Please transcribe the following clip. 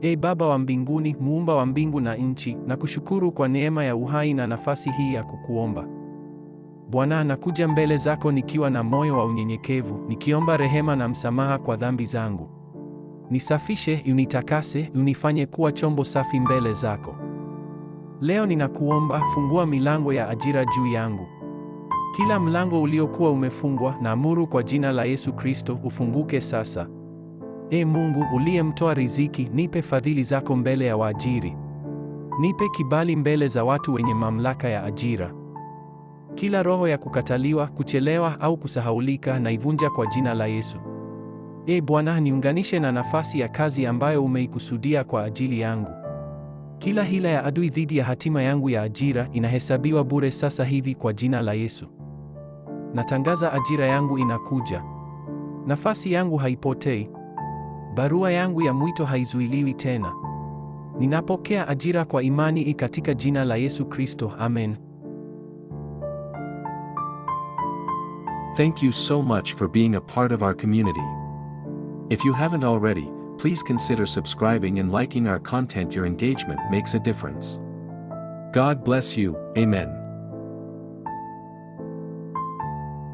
E Baba wa mbinguni, muumba wa mbingu na nchi, na kushukuru kwa neema ya uhai na nafasi hii ya kukuomba Bwana. Nakuja mbele zako nikiwa na moyo wa unyenyekevu, nikiomba rehema na msamaha kwa dhambi zangu. Nisafishe, unitakase, unifanye kuwa chombo safi mbele zako. Leo ninakuomba, fungua milango ya ajira juu yangu. Kila mlango uliokuwa umefungwa, naamuru kwa jina la Yesu Kristo ufunguke sasa. E Mungu uliyemtoa riziki, nipe fadhili zako mbele ya waajiri. Nipe kibali mbele za watu wenye mamlaka ya ajira. Kila roho ya kukataliwa, kuchelewa au kusahaulika naivunja kwa jina la Yesu. E Bwana, niunganishe na nafasi ya kazi ambayo umeikusudia kwa ajili yangu. Kila hila ya adui dhidi ya hatima yangu ya ajira inahesabiwa bure sasa hivi kwa jina la Yesu. Natangaza ajira yangu inakuja. Nafasi yangu haipotei. Barua yangu ya mwito haizuiliwi tena. Ninapokea ajira kwa imani katika jina la Yesu Kristo. Amen. Thank you so much for being a part of our community. If you haven't already, please consider subscribing and liking our content. Your engagement makes a difference. God bless you. Amen.